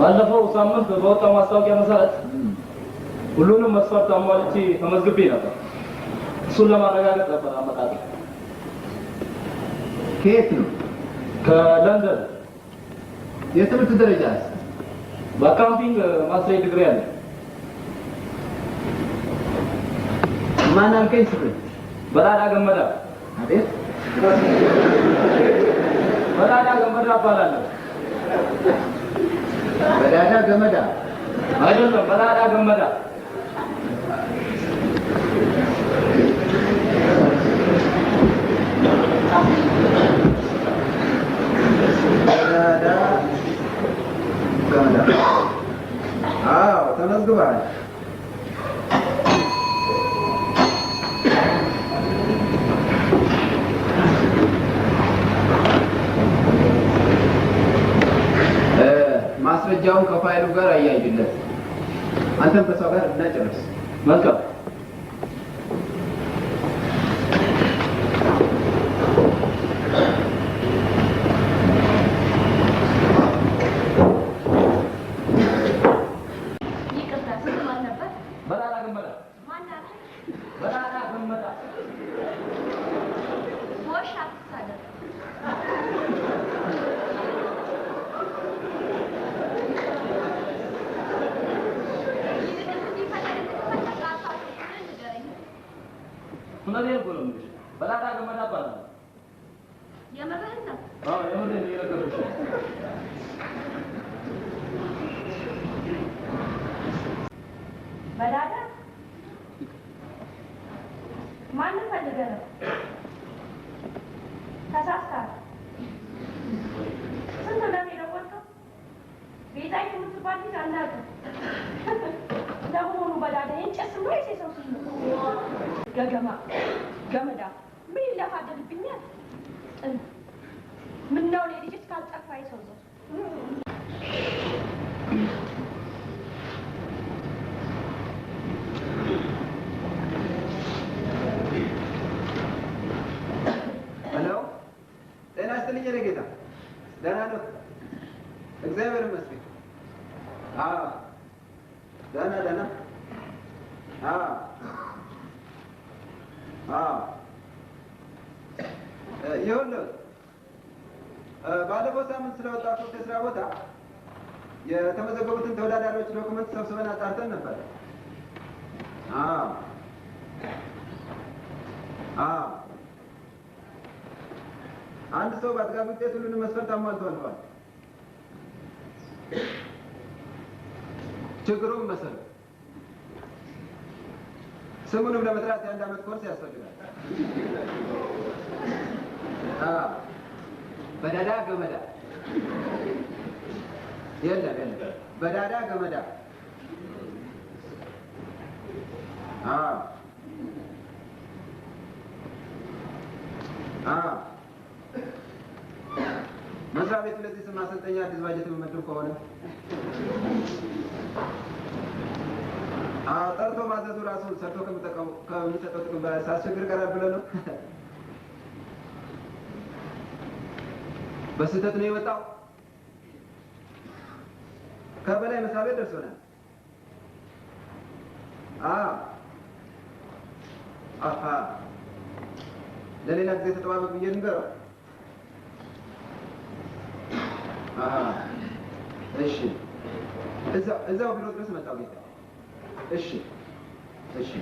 ባለፈው ሳምንት በወጣ ማስታወቂያ መሰረት ሁሉንም መስፈርት አሟልቼ ተመዝግቤ ነበር። እሱን ለማረጋገጥ ነበር አመጣጥ። ከየት ነው? ከለንደን። የትምህርት ደረጃ በአካውንቲንግ ማስተር ዲግሪ አለ። ማን አልከኝ? ስብ በራዳ ገመዳ አዴት በራዳ ገመዳ እባላለሁ። በዳዳ ገመዳ አይደለም፣ በዳዳ ገመዳ ተመዝግባል። ማስረጃውን ከፋይሉ ጋር አያይለት። አንተም ከሰው ጋር እናጨርስ። መልካም በላላ እውነቴን እኮ ነው የምልሽ። በላጣ ገመዳ እባላለሁ። የምርህን ነው? ነው። ማንን ፈልገህ ነው? ስንት እንደሚለወጥከው ቤታዬ የምትባል ጎበዳዳዬን ጨስ ብሎ ሰው ስ ገገማ ገመዳ ምን ይለፋደልብኛል? ምነው እኔ ልጅ እስካልጠፋ የሰው ሰው እግዚአብሔር ይመስገን። ደህና ደህና ይሁን ባለፈው ሳምንት ስለወጣቶች የስራ ቦታ የተመዘገቡትን ተወዳዳሪዎች ዶኩመንት ሰብስበን አጣርተን ነበር። አንድ ሰው በአጥጋቢ ውጤት ሁሉንም መስፈርት አሟልቶ አልፏል። ችግሩም መሰረት ስሙንም ለመጥራት የአንድ ዓመት ኮርስ ያስፈልጋል። በዳዳ ገመዳ የለም የለም። በዳዳ ገመዳ መስሪያ ቤት ለዚህ ስም ማሰልጠኛ አዲስ ባጀት የሚመድብ ከሆነ ጠርቶ ማዘዙ ራሱ ሰርቶ ከሚሰጠው ጥቅም ሳስቸግር ቀረብ ብለ ነው። በስህተት ነው የወጣው። ከበላይ መስሪያ ደርሶናል። አሀ ለሌላ ጊዜ ተጠባበቅ ብዬ ንገረው። እሺ እዛው ቢሮ ድረስ መጣው ጌታ 不行，不行。